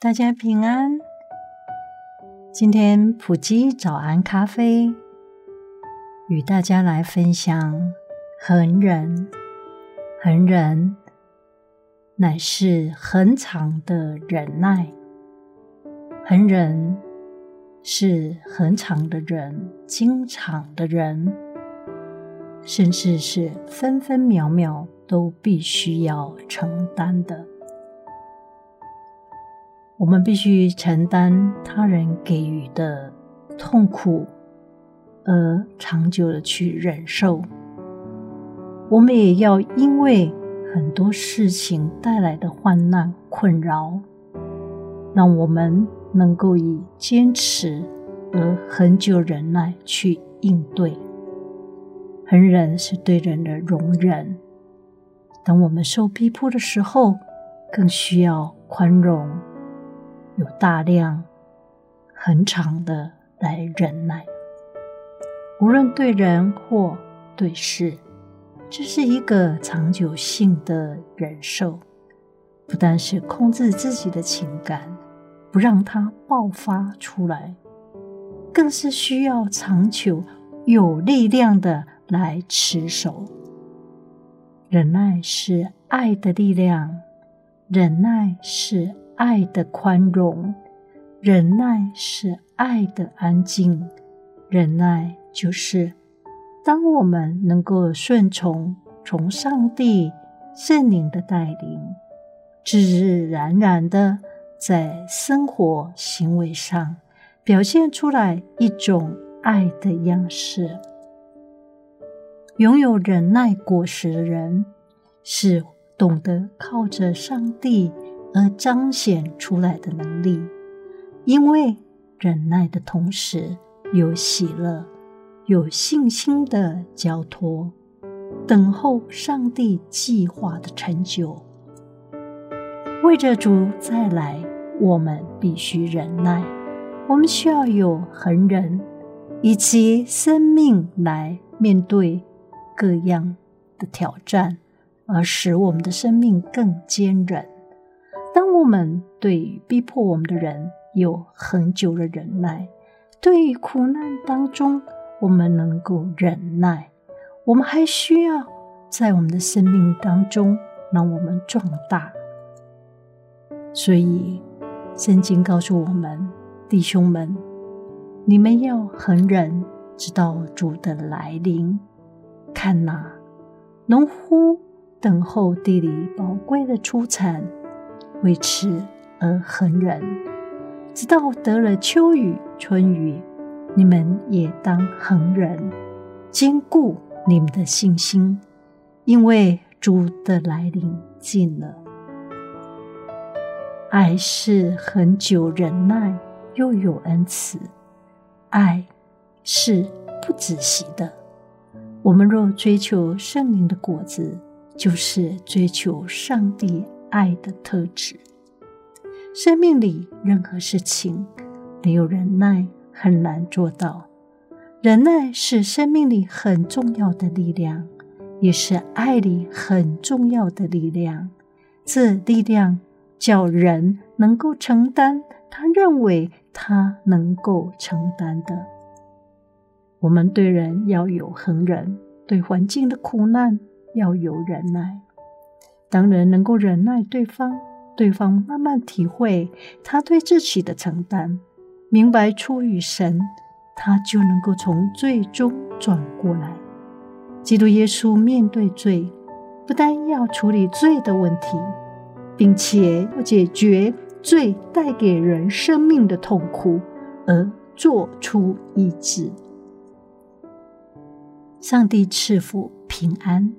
大家平安，今天埔基早安咖啡與大家來分享恆忍。恆忍乃是恆常的忍耐，恆忍是恆常的忍，經常的忍，甚至是分分秒秒都必須要承擔的。我們必須承擔他人給予的痛苦，而長久的去忍受。我們也要因為很多事情帶來的患難困擾，讓我們能夠以堅持而恆久忍耐去應對。恆忍是對人的容忍，等我們受逼迫的時候，更需要寬容。有大量、很長的來忍耐，無論對人或對事，這是一個長久性的忍受。不但是控制自己的情感，不讓它爆發出來，更是需要長久有力量的來持守。忍耐是愛的力量，忍耐是。愛的寬容，忍耐是愛的安靜。忍耐就是當我們能夠順從從上帝聖靈的帶領，自自然然的在生活行為上表現出來一種愛的樣式。擁有忍耐果實的人，是懂得靠着上帝，而彰顯出來的能力，因為忍耐的同時有喜樂、有信心的交托，等候上帝計劃的成就。為着主再來，我們必須忍耐，我們需要有恆忍，以及生命來面對各樣的挑戰，而使我們的生命更堅韌。我們對於逼迫我們的人有很久的忍耐，對於苦難當中我們能夠忍耐，我們還需要在我們的生命當中讓我們壯大。所以，聖經告訴我們，弟兄們，你們要恆忍，直到主的來臨。看哪、啊，農夫等候地裡寶貴的出產。為此而恆忍，直到得了秋雨、春雨，你們也當恆忍，堅固你們的信心，因為主的來臨近了。愛是恆久忍耐，又有恩慈；愛是不止息的。我們若追求聖靈的果子，就是追求上帝。愛的特質，生命裡任何事情，沒有忍耐很難做到。忍耐是生命裡很重要的力量，也是愛裡很重要的力量。這力量叫人能夠承擔他認為他能夠承擔的。我們對人要有恆忍，對環境的苦難要有忍耐。當人能夠忍耐對方，對方慢慢體會他對自己的承擔，明白出於神，他就能夠從罪中轉過來。基督耶穌面對罪，不但要處理罪的問題，並且要解決罪帶給人生命的痛苦，而做出醫治。上帝賜福平安。